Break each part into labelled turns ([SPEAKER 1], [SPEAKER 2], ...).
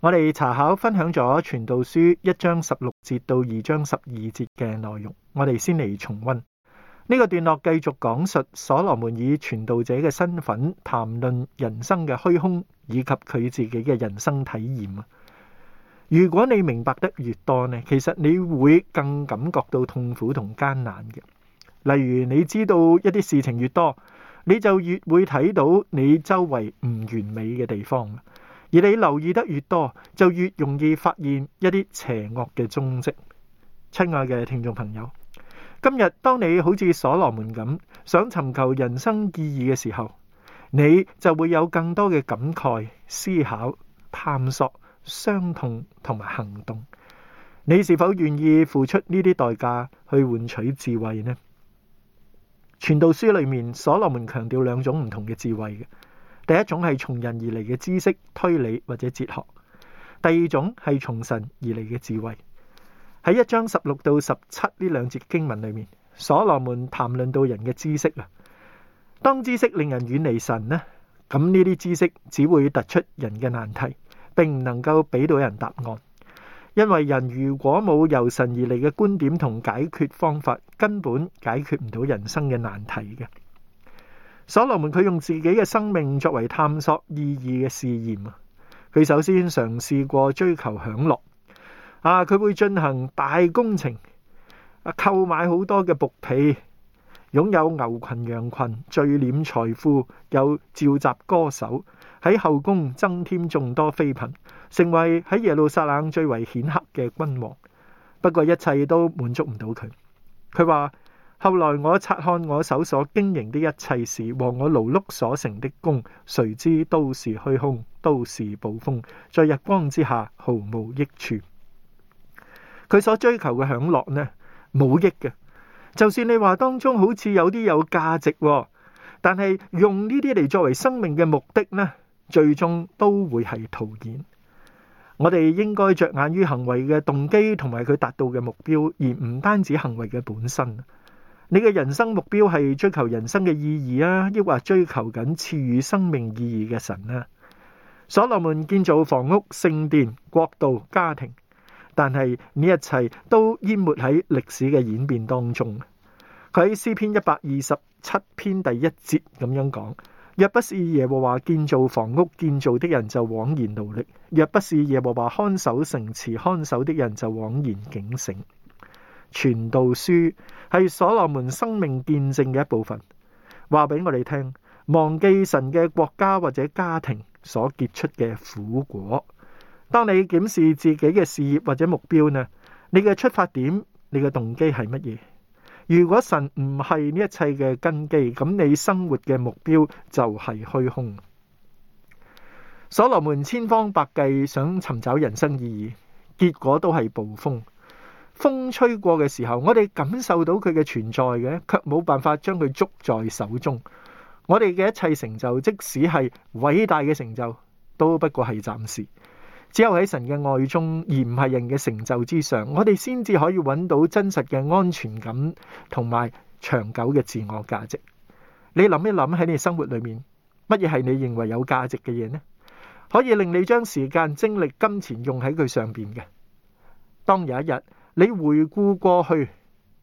[SPEAKER 1] 我哋查考分享咗《傳道書》一章十六節到二章十二節嘅內容，我哋先嚟重温呢個段落，繼續講述所羅門以傳道者嘅身份談論人生嘅虛空，以及佢自己嘅人生體驗啊！如果你明白得越多呢，其實你會更感覺到痛苦同艱難嘅。例如，你知道一啲事情越多，你就越會睇到你周圍唔完美嘅地方。而你留意得越多，就越容易發現一啲邪惡嘅蹤跡。親愛嘅聽眾朋友，今日當你好似所羅門咁想尋求人生意義嘅時候，你就會有更多嘅感慨、思考、探索、傷痛同埋行動。你是否願意付出呢啲代價去換取智慧呢？傳道書裏面，所羅門強調兩種唔同嘅智慧嘅。第一種係從人而嚟嘅知識、推理或者哲學，第二種係從神而嚟嘅智慧。喺一章十六到十七呢兩節經文裏面，所羅門談論到人嘅知識啦。當知識令人遠離神呢，咁呢啲知識只會突出人嘅難題，並唔能夠俾到人答案。因為人如果冇由神而嚟嘅觀點同解決方法，根本解決唔到人生嘅難題嘅。所羅門佢用自己嘅生命作為探索意義嘅試驗。佢首先嘗試過追求享樂，啊！佢會進行大工程，啊，購買好多嘅僕婢，擁有牛群羊群，聚斂財富，有召集歌手喺後宮增添眾多妃嬪，成為喺耶路撒冷最為顯赫嘅君王。不過一切都滿足唔到佢。佢話。後來我察看我手所經營的一切事和我勞碌所成的功，誰知都是虛空，都是暴風，在日光之下毫無益處。佢所追求嘅享樂呢，冇益嘅。就算你話當中好似有啲有價值喎，但係用呢啲嚟作為生命嘅目的呢，最終都會係徒然。我哋應該着眼於行為嘅動機同埋佢達到嘅目標，而唔單止行為嘅本身。你嘅人生目標係追求人生嘅意義啊，抑或追求緊賜予生命意義嘅神啊？所羅門建造房屋、聖殿、國度、家庭，但係呢一切都淹沒喺歷史嘅演變當中。佢喺詩篇一百二十七篇第一節咁樣講：若不是耶和華建造房屋，建造的人就枉然努力；若不是耶和華看守城池，看守的人就枉然警醒。傳道書係所羅門生命見證嘅一部分，話俾我哋聽：忘記神嘅國家或者家庭所結出嘅苦果。當你檢視自己嘅事業或者目標呢，你嘅出發點、你嘅動機係乜嘢？如果神唔係呢一切嘅根基，咁你生活嘅目標就係虛空。所羅門千方百計想尋找人生意義，結果都係捕風。風吹過嘅時候，我哋感受到佢嘅存在嘅，卻冇辦法將佢捉在手中。我哋嘅一切成就，即使係偉大嘅成就，都不過係暫時。只有喺神嘅愛中，而唔係人嘅成就之上，我哋先至可以揾到真實嘅安全感同埋長久嘅自我價值。你諗一諗，喺你生活裏面乜嘢係你認為有價值嘅嘢呢？可以令你將時間、精力、金錢用喺佢上邊嘅。當有一日，你回顧過去，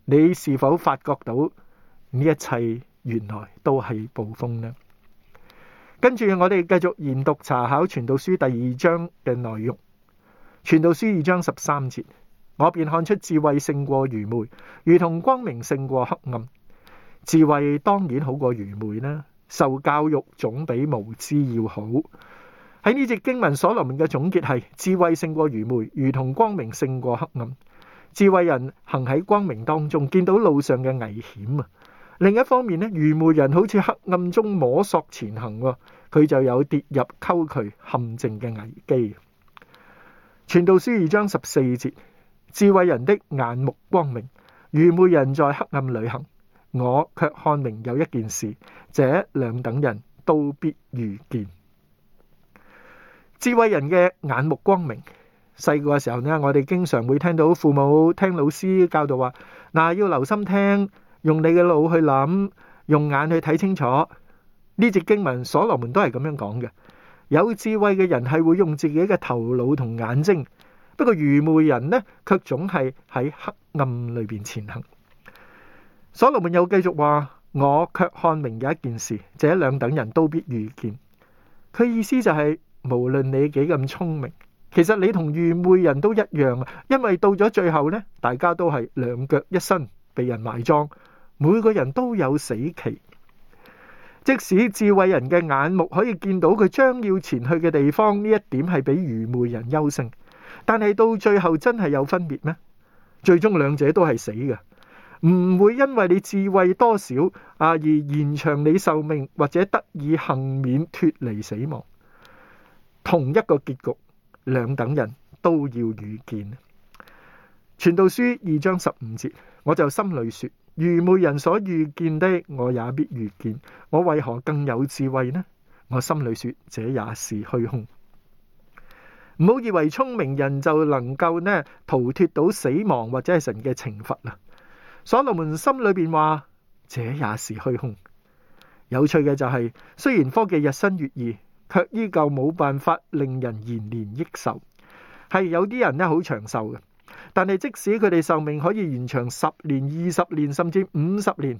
[SPEAKER 1] 你是否發覺到呢一切原來都係暴風呢？跟住我哋繼續研讀查考《傳道書》第二章嘅內容，《傳道書》二章十三節，我便看出智慧勝過愚昧，如同光明勝過黑暗。智慧當然好過愚昧啦，受教育總比無知要好。喺呢節經文所羅門嘅總結係：智慧勝過愚昧，如同光明勝過黑暗。智慧人行喺光明當中，見到路上嘅危險啊！另一方面呢，愚昧人好似黑暗中摸索前行，佢就有跌入溝渠陷阱嘅危機。傳道書二章十四節：智慧人的眼目光明，愚昧人在黑暗旅行。我卻看明有一件事，這兩等人都必遇見。智慧人嘅眼目光明。細個嘅時候呢，我哋經常會聽到父母聽老師教導話：嗱，要留心聽，用你嘅腦去諗，用眼去睇清楚。呢節經文，所羅門都係咁樣講嘅。有智慧嘅人係會用自己嘅頭腦同眼睛，不過愚昧人呢，卻總係喺黑暗裏邊前行。所羅門又繼續話：我卻看明有一件事，這兩等人都必遇見。佢意思就係，無論你幾咁聰明。其實你同愚昧人都一樣啊，因為到咗最後呢，大家都係兩腳一伸被人埋葬，每個人都有死期。即使智慧人嘅眼目可以見到佢將要前去嘅地方，呢一點係比愚昧人優勝，但係到最後真係有分別咩？最終兩者都係死嘅，唔會因為你智慧多少啊而延長你壽命或者得以倖免脫離死亡，同一個結局。兩等人都要遇見。傳道書二章十五節，我就心裏說：愚昧人所遇見的，我也必遇見。我為何更有智慧呢？我心裏說：這也是虛空。唔好以為聰明人就能夠呢逃脱到死亡或者係神嘅懲罰啦。所羅門心裏邊話：這也是虛空。有趣嘅就係、是，雖然科技日新月異，卻依舊冇辦法令人延年益壽。係有啲人咧，好長壽嘅，但係即使佢哋壽命可以延長十年、二十年甚至五十年，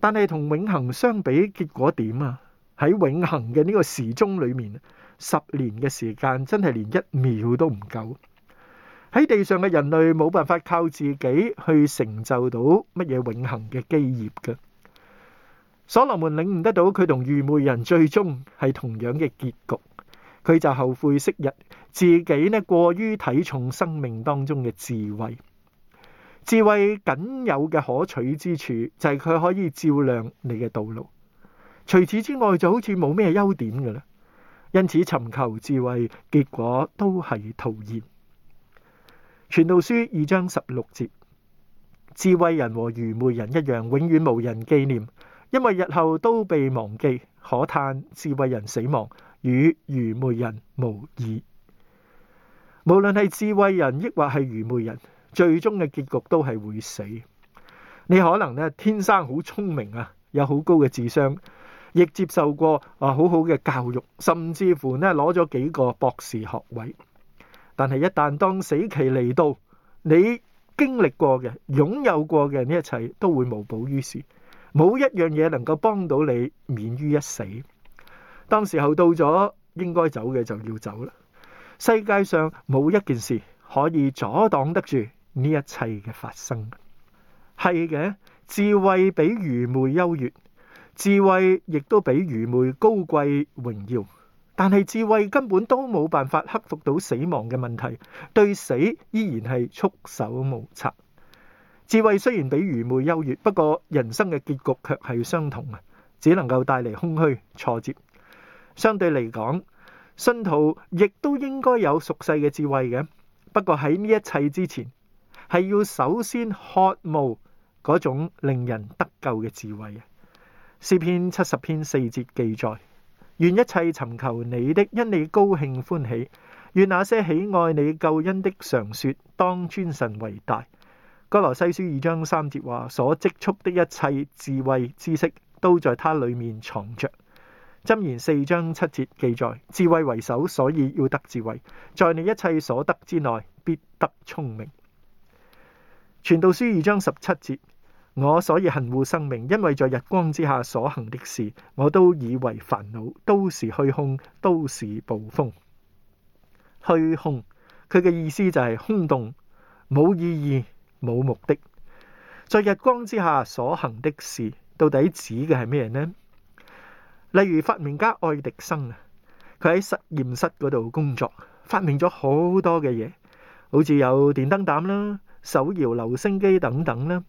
[SPEAKER 1] 但係同永恆相比，結果點啊？喺永恆嘅呢個時鐘裏面，十年嘅時間真係連一秒都唔夠。喺地上嘅人類冇辦法靠自己去成就到乜嘢永恆嘅基業嘅。所羅門領悟得到佢同愚昧人最終係同樣嘅結局，佢就後悔昔日自己咧過於睇重生命當中嘅智慧。智慧僅有嘅可取之處就係佢可以照亮你嘅道路，除此之外就好似冇咩優點噶啦。因此尋求智慧結果都係徒然。傳道書二章十六節：智慧人和愚昧人一樣，永遠無人紀念。因為日後都被忘記，可嘆智慧人死亡與愚昧人無異。無論係智慧人抑或係愚昧人，最終嘅結局都係會死。你可能咧天生好聰明啊，有好高嘅智商，亦接受過啊好好嘅教育，甚至乎咧攞咗幾個博士學位。但係一旦當死期嚟到，你經歷過嘅、擁有過嘅呢一切，都會無補於事。冇一樣嘢能夠幫到你免於一死。當時候到咗，應該走嘅就要走啦。世界上冇一件事可以阻擋得住呢一切嘅發生。係嘅，智慧比愚昧優越，智慧亦都比愚昧高貴榮耀。但係智慧根本都冇辦法克服到死亡嘅問題，對死依然係束手無策。智慧雖然比愚昧優越，不過人生嘅結局卻係相同啊！只能夠帶嚟空虛、挫折。相對嚟講，信徒亦都應該有熟悉嘅智慧嘅。不過喺呢一切之前，係要首先渴慕嗰種令人得救嘅智慧啊！詩篇七十篇四節記載：願一切尋求你的，因你高興歡喜；願那些喜愛你救恩的，常說當尊神為大。哥羅西書二章三節話：所積蓄的一切智慧知識，都在他裏面藏着。箴言四章七節記載：智慧為首，所以要得智慧，在你一切所得之內，必得聰明。傳道書二章十七節：我所以恨惡生命，因為在日光之下所行的事，我都以為煩惱，都是虛空，都是暴風。虛空，佢嘅意思就係、是、空洞，冇意義。冇目的，在日光之下所行的事，到底指嘅係咩呢？例如發明家愛迪生啊，佢喺實驗室嗰度工作，發明咗好多嘅嘢，好似有電燈膽啦、手搖留聲機等等啦。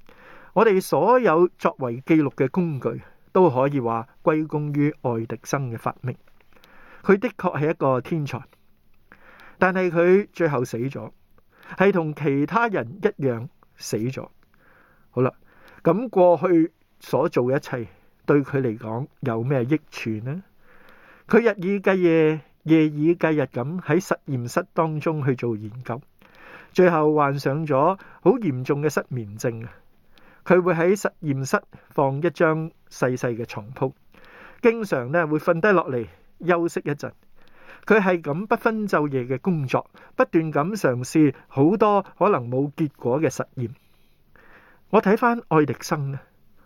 [SPEAKER 1] 我哋所有作為記錄嘅工具，都可以話歸功於愛迪生嘅發明。佢的確係一個天才，但係佢最後死咗，係同其他人一樣。死咗好啦，咁過去所做一切對佢嚟講有咩益處呢？佢日以繼夜、夜以繼日咁喺實驗室當中去做研究，最後患上咗好嚴重嘅失眠症啊！佢會喺實驗室放一張細細嘅床鋪經常咧會瞓低落嚟休息一陣。佢係咁不分晝夜嘅工作，不斷咁嘗試好多可能冇結果嘅實驗。我睇翻愛迪生，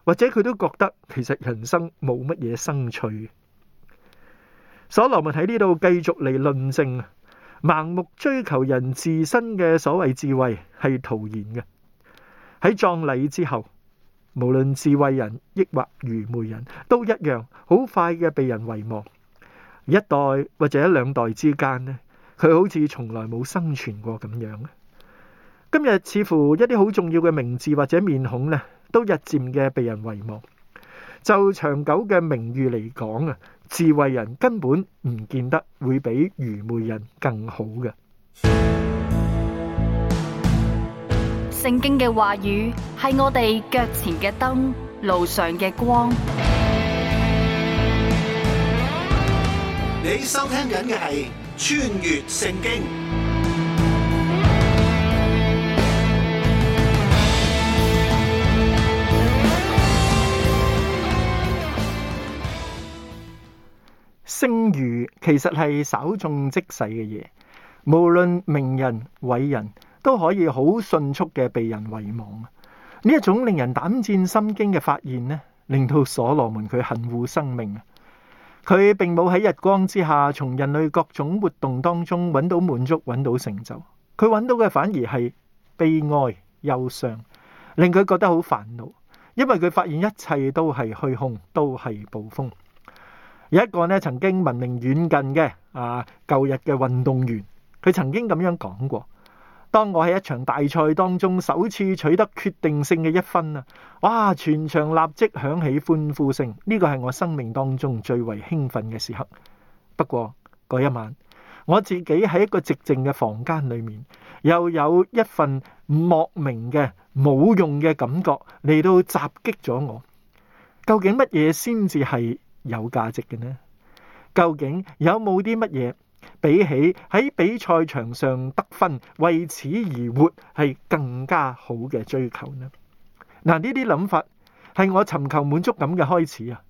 [SPEAKER 1] 或者佢都覺得其實人生冇乜嘢生趣。所羅門喺呢度繼續嚟論證，盲目追求人自身嘅所謂智慧係徒然嘅。喺葬禮之後，無論智慧人抑或愚昧人都一樣，好快嘅被人遺忘。一代或者兩代之間咧，佢好似從來冇生存過咁樣。今日似乎一啲好重要嘅名字或者面孔咧，都日漸嘅被人遺忘。就長久嘅名譽嚟講啊，智慧人根本唔見得會比愚昧人更好嘅。聖經嘅話語係我哋腳前嘅燈，路上嘅光。你收聽緊嘅係《穿越聖經》，聲譽其實係稍縱即逝嘅嘢，無論名人偉人都可以好迅速嘅被人遺忘。呢一種令人膽戰心驚嘅發現，呢令到所羅門佢恨惡生命。佢並冇喺日光之下，從人類各種活動當中揾到滿足，揾到成就。佢揾到嘅反而係悲哀、憂傷，令佢覺得好煩惱。因為佢發現一切都係虛空，都係暴風。有一個呢曾經聞名遠近嘅啊，舊日嘅運動員，佢曾經咁樣講過。當我喺一場大賽當中首次取得決定性嘅一分啊！哇，全場立即響起歡呼聲，呢個係我生命當中最為興奮嘅時刻。不過嗰一晚，我自己喺一個寂靜嘅房間裏面，又有一份莫名嘅冇用嘅感覺嚟到襲擊咗我。究竟乜嘢先至係有價值嘅呢？究竟有冇啲乜嘢？比起喺比賽場上得分，為此而活係更加好嘅追求呢？嗱，呢啲諗法係我尋求滿足感嘅開始啊！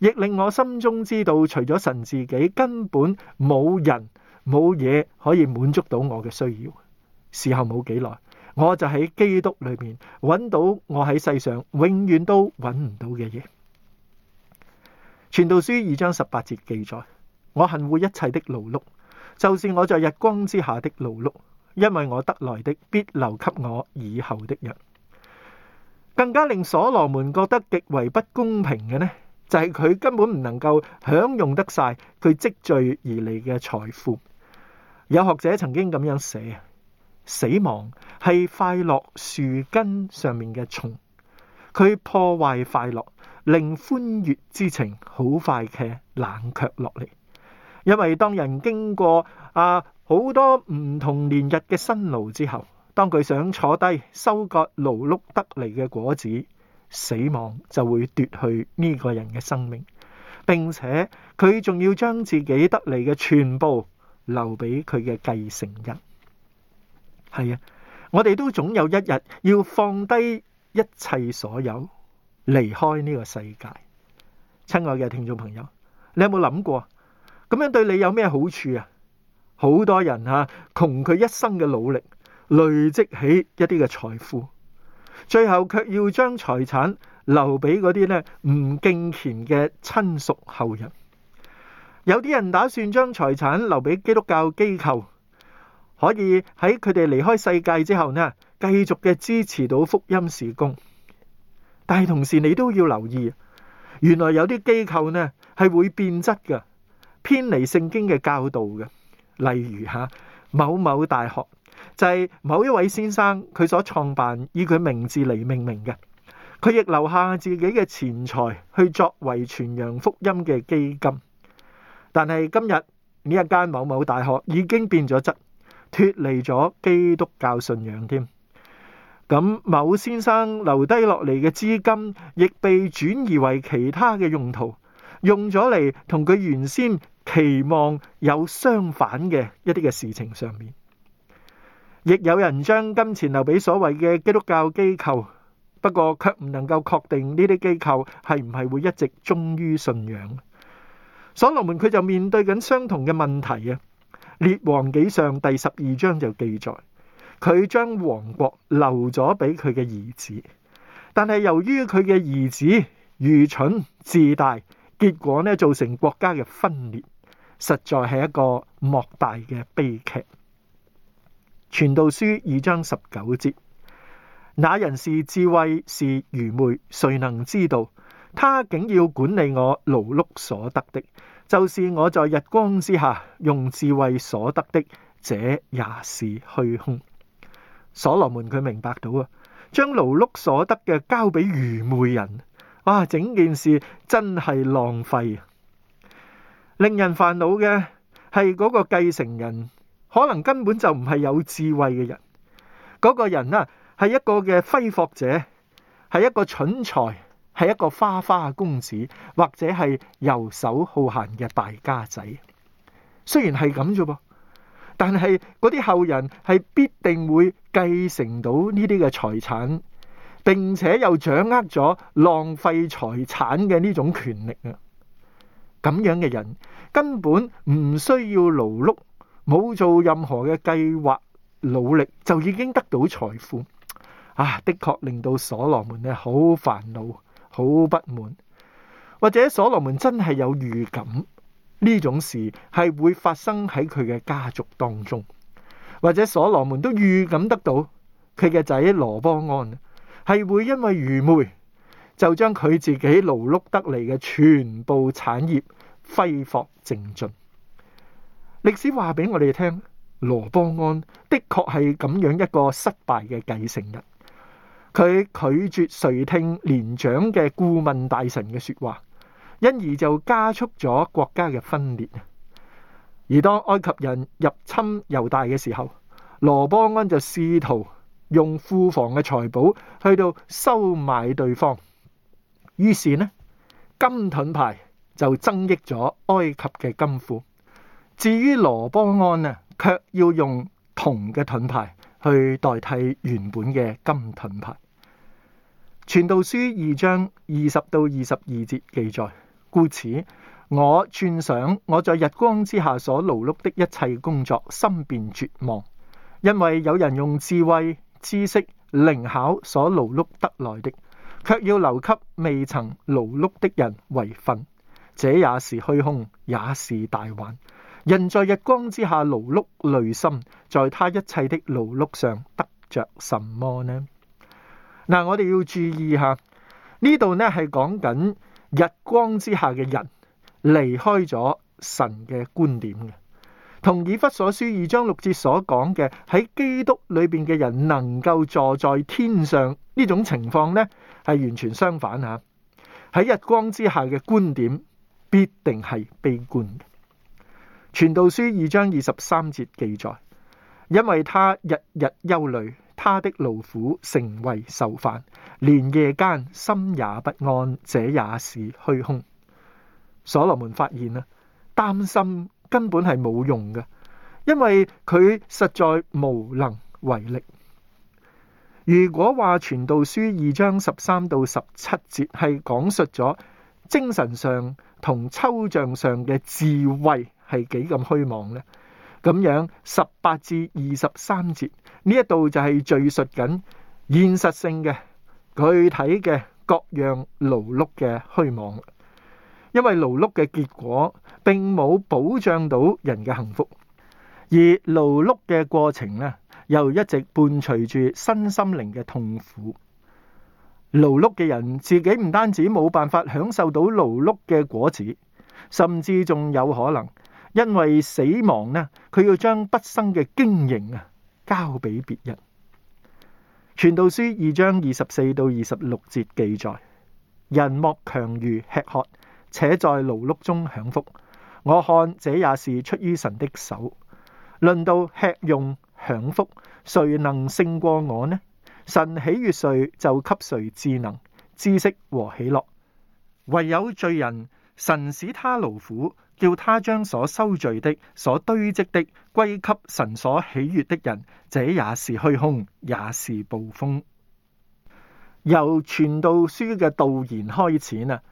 [SPEAKER 1] 亦令我心中知道，除咗神自己，根本冇人冇嘢可以滿足到我嘅需要。事後冇幾耐，我就喺基督裏面揾到我喺世上永遠都揾唔到嘅嘢。傳道書二章十八節記載：我恨惡一切的勞碌。就是我在日光之下的勞碌，因為我得來的必留給我以後的人。更加令所羅門覺得極為不公平嘅呢，就係、是、佢根本唔能夠享用得晒佢積聚而嚟嘅財富。有學者曾經咁樣寫：死亡係快樂樹根上面嘅蟲，佢破壞快樂，令歡悅之情好快嘅冷卻落嚟。因為當人經過啊好多唔同年日嘅辛勞之後，當佢想坐低收割勞碌得嚟嘅果子，死亡就會奪去呢個人嘅生命，並且佢仲要將自己得嚟嘅全部留俾佢嘅繼承人。係啊，我哋都總有一日要放低一切所有，離開呢個世界。親愛嘅聽眾朋友，你有冇諗過？咁樣對你有咩好處啊？好多人呀，窮佢一生嘅努力累積起一啲嘅財富，最後卻要將財產留俾嗰啲咧，唔敬虔嘅親屬後人。有啲人打算將財產留俾基督教機構，可以喺佢哋離開世界之後呢，繼續嘅支持到福音事工。但係同時你都要留意，原來有啲機構呢係會變質噶偏離聖經嘅教導嘅，例如吓某某大學就係某一位先生佢所創辦，以佢名字嚟命名嘅，佢亦留下自己嘅錢財去作為傳揚福音嘅基金。但係今日呢一間某某大學已經變咗質，脫離咗基督教信仰添。咁某先生留低落嚟嘅資金亦被轉移為其他嘅用途，用咗嚟同佢原先期望有相反嘅一啲嘅事情上面，亦有人將金錢留俾所謂嘅基督教機構，不過卻唔能夠確定呢啲機構係唔係會一直忠於信仰。所羅門佢就面對緊相同嘅問題啊。列王紀上第十二章就記載，佢將王國留咗俾佢嘅兒子，但係由於佢嘅兒子愚蠢自大，結果呢，造成國家嘅分裂。實在係一個莫大嘅悲劇。傳道書二章十九節：那人是智慧，是愚昧，誰能知道？他竟要管理我勞碌所得的，就是我在日光之下用智慧所得的，這也是虛空。所羅門佢明白到啊，將勞碌所得嘅交俾愚昧人，哇、啊，整件事真係浪費。令人煩惱嘅係嗰個繼承人，可能根本就唔係有智慧嘅人。嗰、那個人啊，係一個嘅揮霍者，係一個蠢材，係一個花花公子，或者係游手好閒嘅敗家仔。雖然係咁啫噃，但係嗰啲後人係必定會繼承到呢啲嘅財產，並且又掌握咗浪費財產嘅呢種權力啊！咁樣嘅人根本唔需要勞碌，冇做任何嘅計劃努力就已經得到財富，啊的確令到所羅門咧好煩惱、好不滿。或者所羅門真係有預感呢種事係會發生喺佢嘅家族當中，或者所羅門都預感得到佢嘅仔羅波安係會因為愚昧就將佢自己勞碌得嚟嘅全部產業。揮霍正盡。歷史話俾我哋聽，羅波安的確係咁樣一個失敗嘅繼承人。佢拒絕垂聽年長嘅顧問大臣嘅說話，因而就加速咗國家嘅分裂。而當埃及人入侵猶大嘅時候，羅波安就試圖用庫房嘅財寶去到收買對方。於是呢，金盾牌。就增益咗埃及嘅金庫。至於羅波安呢，卻要用銅嘅盾牌去代替原本嘅金盾牌。傳道書二章二十到二十二節記載：故此我轉想我在日光之下所勞碌的一切工作，心便絕望，因為有人用智慧、知識、靈巧所勞碌得來的，卻要留給未曾勞碌的人為分。這也是虛空，也是大患。人在日光之下勞碌累心，在他一切的勞碌上得着什麼呢？嗱、嗯，我哋要注意嚇呢度，呢係講緊日光之下嘅人離開咗神嘅觀點嘅，同以弗所書二章六節所講嘅喺基督裏邊嘅人能夠坐在天上呢種情況呢，係完全相反嚇、啊。喺日光之下嘅觀點。必定係悲觀。傳道書二章二十三節記載，因為他日日憂慮，他的勞苦成為愁煩，連夜間心也不安。這也是虛空。所羅門發現啊，擔心根本係冇用嘅，因為佢實在無能為力。如果話傳道書二章十三到十七節係講述咗精神上，同抽象上嘅智慧係幾咁虛妄呢？咁樣十八至二十三節呢一度就係敘述緊現實性嘅具體嘅各樣勞碌嘅虛妄，因為勞碌嘅結果並冇保障到人嘅幸福，而勞碌嘅過程呢，又一直伴隨住身心靈嘅痛苦。勞碌嘅人，自己唔單止冇辦法享受到勞碌嘅果子，甚至仲有可能因為死亡咧，佢要將畢生嘅經營啊，交俾別人。傳道書二章二十四到二十六節記載：人莫強如吃喝，且在勞碌中享福。我看這也是出於神的手。論到吃用享福，誰能勝過我呢？神喜悅誰就給誰智能知識和喜樂，唯有罪人，神使他勞苦，叫他將所收罪的所堆積的歸給神所喜悅的人，這也是虛空，也是暴風。由傳道書嘅導言開始啊，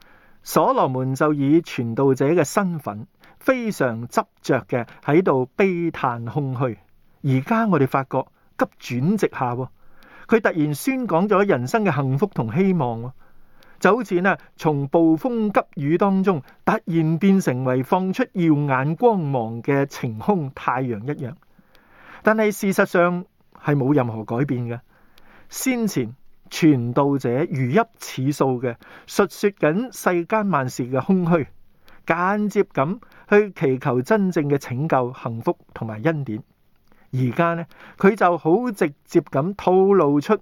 [SPEAKER 1] 所羅門就以傳道者嘅身份非常執着嘅喺度悲嘆空虛。而家我哋發覺急轉直下。佢突然宣講咗人生嘅幸福同希望，就好似呢，從暴風急雨當中突然變成為放出耀眼光芒嘅晴空太陽一樣。但係事實上係冇任何改變嘅，先前傳道者如泣似訴嘅述說緊世間萬事嘅空虛，間接咁去祈求真正嘅拯救、幸福同埋恩典。而家咧，佢就好直接咁透露出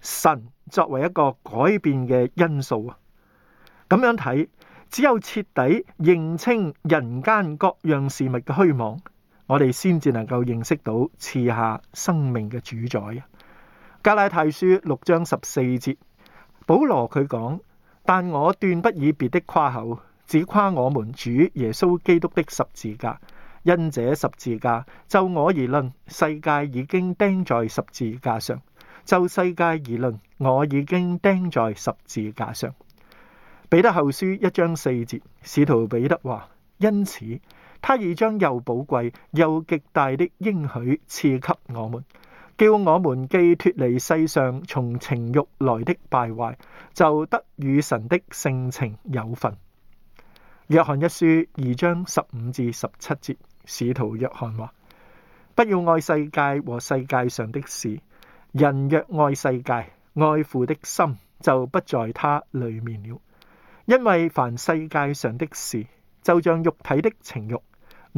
[SPEAKER 1] 神作為一個改變嘅因素啊！咁樣睇，只有徹底認清人間各樣事物嘅虛妄，我哋先至能夠認識到賜下生命嘅主宰。加拉太書六章十四節，保羅佢講：但我斷不以別的誇口，只誇我們主耶穌基督的十字架。因這十字架，就我而論，世界已經釘在十字架上；就世界而論，我已經釘在十字架上。彼得後書一章四節，使徒彼得話：因此，他已將又寶貴又極大的應許賜給我們，叫我們既脫離世上從情欲來的敗壞，就得與神的性情有份。約翰一書二章十五至十七節。使徒約翰話：不要愛世界和世界上的事。人若愛世界，愛父的心就不在他裏面了。因為凡世界上的事，就像肉體的情欲、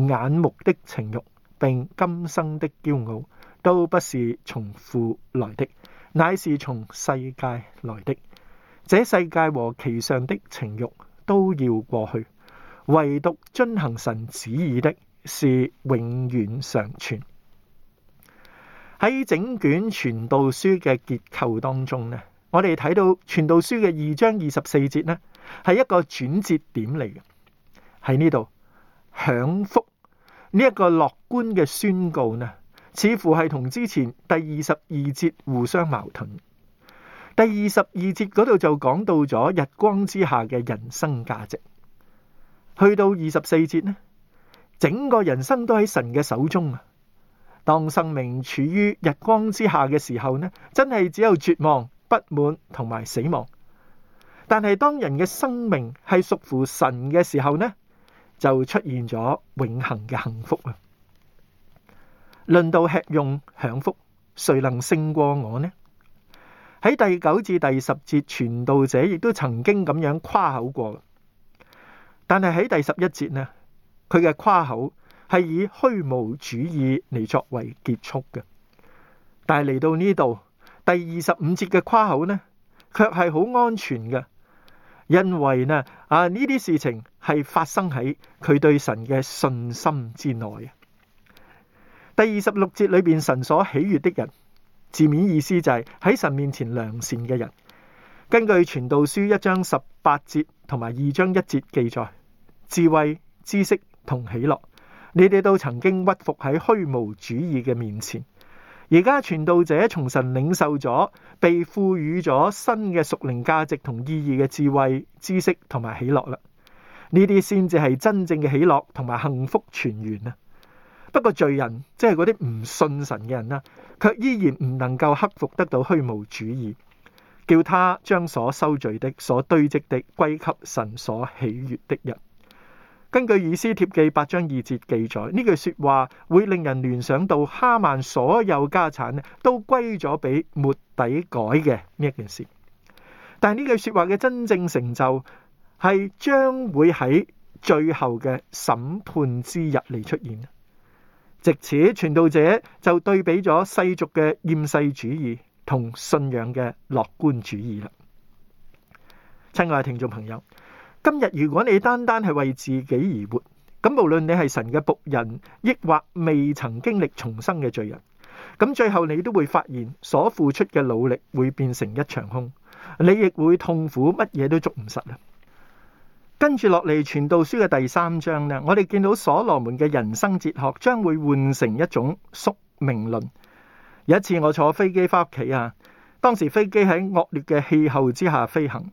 [SPEAKER 1] 眼目的情欲，並今生的驕傲，都不是從父來的，乃是從世界來的。這世界和其上的情欲都要過去，唯獨遵行神旨意的。是永遠常存。喺整卷傳道書嘅結構當中呢，我哋睇到傳道書嘅二章二十四節呢，係一個轉折點嚟嘅。喺呢度享福呢一個樂觀嘅宣告呢，似乎係同之前第二十二節互相矛盾。第二十二節嗰度就講到咗日光之下嘅人生價值，去到二十四節呢。整個人生都喺神嘅手中啊！當生命處於日光之下嘅時候呢，真係只有絕望、不滿同埋死亡。但係當人嘅生命係屬乎神嘅時候呢，就出現咗永恆嘅幸福啊！論到吃用享福，誰能勝過我呢？喺第九至第十節，傳道者亦都曾經咁樣誇口過。但係喺第十一節呢，佢嘅誇口係以虛無主義嚟作為結束嘅，但係嚟到呢度第二十五節嘅誇口呢，卻係好安全嘅，因為呢啊呢啲事情係發生喺佢對神嘅信心之內啊。第二十六節裏邊神所喜悅的人，字面意思就係喺神面前良善嘅人。根據傳道書一章十八節同埋二章一節記載，智慧、知識。同喜樂，你哋都曾經屈服喺虛無主義嘅面前，而家傳道者從神領受咗，被賦予咗新嘅屬靈價值同意義嘅智慧、知識同埋喜樂啦。呢啲先至係真正嘅喜樂同埋幸福泉源啊！不過罪人，即係嗰啲唔信神嘅人啦，卻依然唔能夠克服得到虛無主義，叫他將所收罪的、所堆積的歸給神所喜悅的人。根據《以斯帖記》八章二節記載，呢句説話會令人聯想到哈曼所有家產都歸咗俾末底改嘅呢一件事。但係呢句説話嘅真正成就係將會喺最後嘅審判之日嚟出現。藉此，傳道者就對比咗世俗嘅厭世主義同信仰嘅樂觀主義啦。親愛嘅聽眾朋友。今日如果你單單係為自己而活，咁無論你係神嘅僕人，抑或未曾經歷重生嘅罪人，咁最後你都會發現所付出嘅努力會變成一場空，你亦會痛苦，乜嘢都捉唔實啦。跟住落嚟，傳道書嘅第三章呢，我哋見到所羅門嘅人生哲學將會換成一種宿命論。有一次我坐飛機翻屋企啊，當時飛機喺惡劣嘅氣候之下飛行。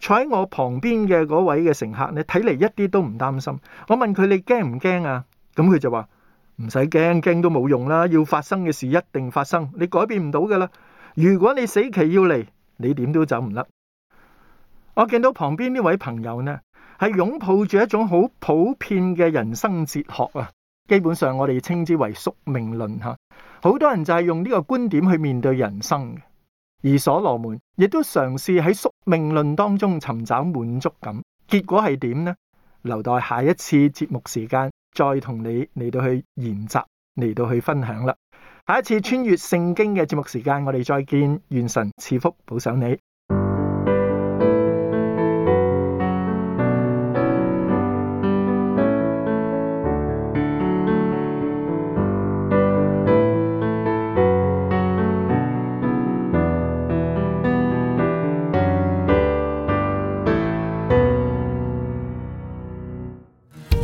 [SPEAKER 1] 坐喺我旁邊嘅嗰位嘅乘客，你睇嚟，一啲都唔擔心。我問佢：你驚唔驚啊？咁佢就話，唔使驚，驚都冇用啦。要發生嘅事一定發生，你改變唔到噶啦。如果你死期要嚟，你點都走唔甩。我見到旁邊呢位朋友呢，係擁抱住一種好普遍嘅人生哲學啊。基本上我哋稱之為宿命論吓。好多人就係用呢個觀點去面對人生。而所羅門亦都嘗試喺宿命論當中尋找滿足感，結果係點呢？留待下一次節目時間再同你嚟到去研習，嚟到去分享啦。下一次穿越聖經嘅節目時間，我哋再見，願神賜福保賞你。